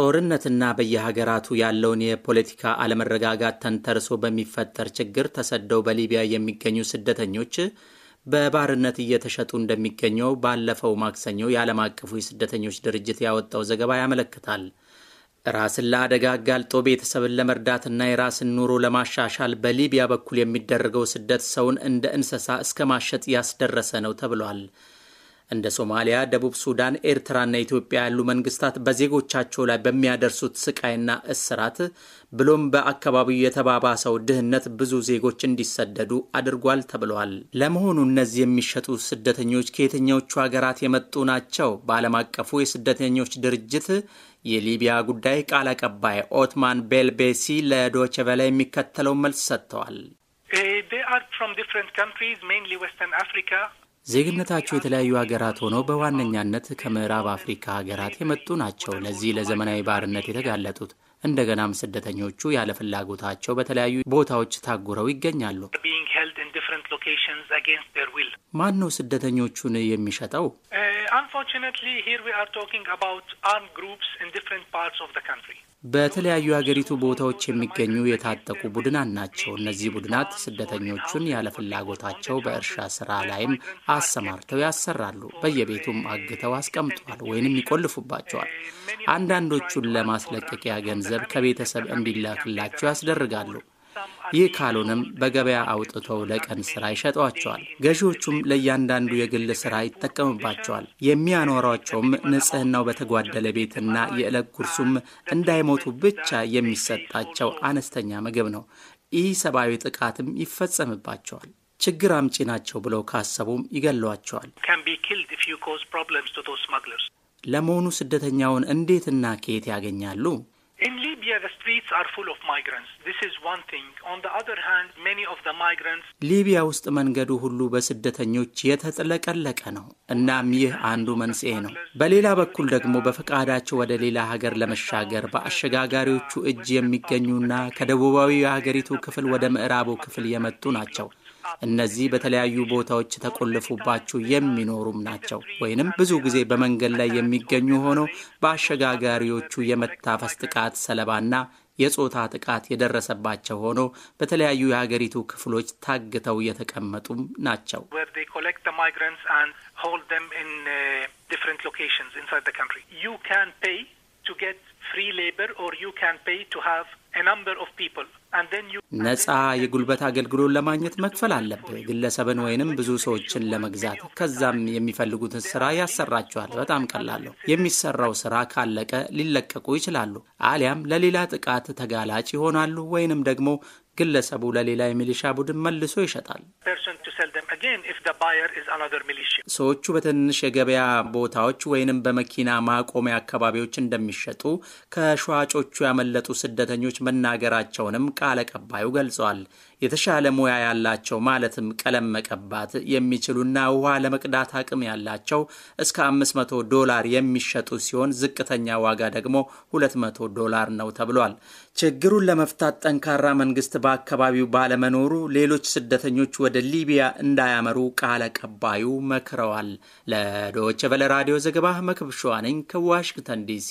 ጦርነትና በየሀገራቱ ያለውን የፖለቲካ አለመረጋጋት ተንተርሶ በሚፈጠር ችግር ተሰደው በሊቢያ የሚገኙ ስደተኞች በባርነት እየተሸጡ እንደሚገኘው ባለፈው ማክሰኞ የዓለም አቀፉ የስደተኞች ድርጅት ያወጣው ዘገባ ያመለክታል። ራስን ለአደጋ አጋልጦ ቤተሰብን ለመርዳትና የራስን ኑሮ ለማሻሻል በሊቢያ በኩል የሚደረገው ስደት ሰውን እንደ እንስሳ እስከ ማሸጥ ያስደረሰ ነው ተብሏል። እንደ ሶማሊያ፣ ደቡብ ሱዳን፣ ኤርትራና ኢትዮጵያ ያሉ መንግስታት በዜጎቻቸው ላይ በሚያደርሱት ስቃይና እስራት ብሎም በአካባቢው የተባባሰው ድህነት ብዙ ዜጎች እንዲሰደዱ አድርጓል ተብለዋል። ለመሆኑ እነዚህ የሚሸጡ ስደተኞች ከየትኞቹ ሀገራት የመጡ ናቸው? በዓለም አቀፉ የስደተኞች ድርጅት የሊቢያ ጉዳይ ቃል አቀባይ ኦትማን ቤልቤሲ ለዶቼ ቬለ የሚከተለውን መልስ ሰጥተዋል። eh, ዜግነታቸው የተለያዩ ሀገራት ሆነው በዋነኛነት ከምዕራብ አፍሪካ ሀገራት የመጡ ናቸው። ለዚህ ለዘመናዊ ባርነት የተጋለጡት እንደገናም ስደተኞቹ ያለ ፍላጎታቸው በተለያዩ ቦታዎች ታጉረው ይገኛሉ። ማን ነው ስደተኞቹን የሚሸጠው? አንፎርቹኔትሊ ሂር ዊ አር ቶኪንግ አባውት አርምድ ግሩፕስ ኢን ዲፍረንት ፓርትስ ኦፍ ዘ ካንትሪ በተለያዩ የሀገሪቱ ቦታዎች የሚገኙ የታጠቁ ቡድናት ናቸው። እነዚህ ቡድናት ስደተኞቹን ያለ ፍላጎታቸው በእርሻ ስራ ላይም አሰማርተው ያሰራሉ። በየቤቱም አግተው አስቀምጠዋል ወይንም ይቆልፉባቸዋል። አንዳንዶቹን ለማስለቀቂያ ገንዘብ ከቤተሰብ እንዲላክላቸው ያስደርጋሉ። ይህ ካልሆነም በገበያ አውጥተው ለቀን ስራ ይሸጧቸዋል። ገዢዎቹም ለእያንዳንዱ የግል ስራ ይጠቀምባቸዋል። የሚያኖሯቸውም ንጽህናው በተጓደለ ቤትና የዕለት ጉርሱም እንዳይሞቱ ብቻ የሚሰጣቸው አነስተኛ ምግብ ነው። ይህ ሰብአዊ ጥቃትም ይፈጸምባቸዋል። ችግር አምጪ ናቸው ብለው ካሰቡም ይገሏቸዋል። ለመሆኑ ስደተኛውን እንዴትና ከየት ያገኛሉ? ሊቢያ ውስጥ መንገዱ ሁሉ በስደተኞች የተጥለቀለቀ ነው። እናም ይህ አንዱ መንስኤ ነው። በሌላ በኩል ደግሞ በፈቃዳቸው ወደ ሌላ ሀገር ለመሻገር በአሸጋጋሪዎቹ እጅ የሚገኙና ከደቡባዊ የሀገሪቱ ክፍል ወደ ምዕራቡ ክፍል የመጡ ናቸው። እነዚህ በተለያዩ ቦታዎች ተቆልፉባቸው የሚኖሩም ናቸው። ወይንም ብዙ ጊዜ በመንገድ ላይ የሚገኙ ሆነው በአሸጋጋሪዎቹ የመታፈስ ጥቃት ሰለባና የጾታ ጥቃት የደረሰባቸው ሆኖ በተለያዩ የሀገሪቱ ክፍሎች ታግተው የተቀመጡም ናቸው። ዩ ካን ፔይ ቱ ጌት ፍሪ ሌበር ኦር ዩ ካን ፔይ ቱ ሃቭ አ ነምበር ኦፍ ፒፕል ነፃ የጉልበት አገልግሎት ለማግኘት መክፈል አለብህ። ግለሰብን ወይንም ብዙ ሰዎችን ለመግዛት ከዛም የሚፈልጉትን ስራ ያሰራቸዋል። በጣም ቀላለሁ። የሚሰራው ስራ ካለቀ ሊለቀቁ ይችላሉ። አሊያም ለሌላ ጥቃት ተጋላጭ ይሆናሉ። ወይንም ደግሞ ግለሰቡ ለሌላ የሚሊሻ ቡድን መልሶ ይሸጣል። ሰዎቹ በትንሽ የገበያ ቦታዎች ወይንም በመኪና ማቆሚያ አካባቢዎች እንደሚሸጡ ከሸዋጮቹ ያመለጡ ስደተኞች መናገራቸውንም ቃል አቀባዩ ገልጸዋል። የተሻለ ሙያ ያላቸው ማለትም ቀለም መቀባት የሚችሉና ውሃ ለመቅዳት አቅም ያላቸው እስከ 500 ዶላር የሚሸጡ ሲሆን ዝቅተኛ ዋጋ ደግሞ 200 ዶላር ነው ተብሏል። ችግሩን ለመፍታት ጠንካራ መንግስት በአካባቢው ባለመኖሩ ሌሎች ስደተኞች ወደ ሊቢያ እንዳ እንዳያመሩ ቃል አቀባዩ መክረዋል። ለዶቸቨለ ራዲዮ ዘገባ መክብሸዋ ነኝ ከዋሽንግተን ዲሲ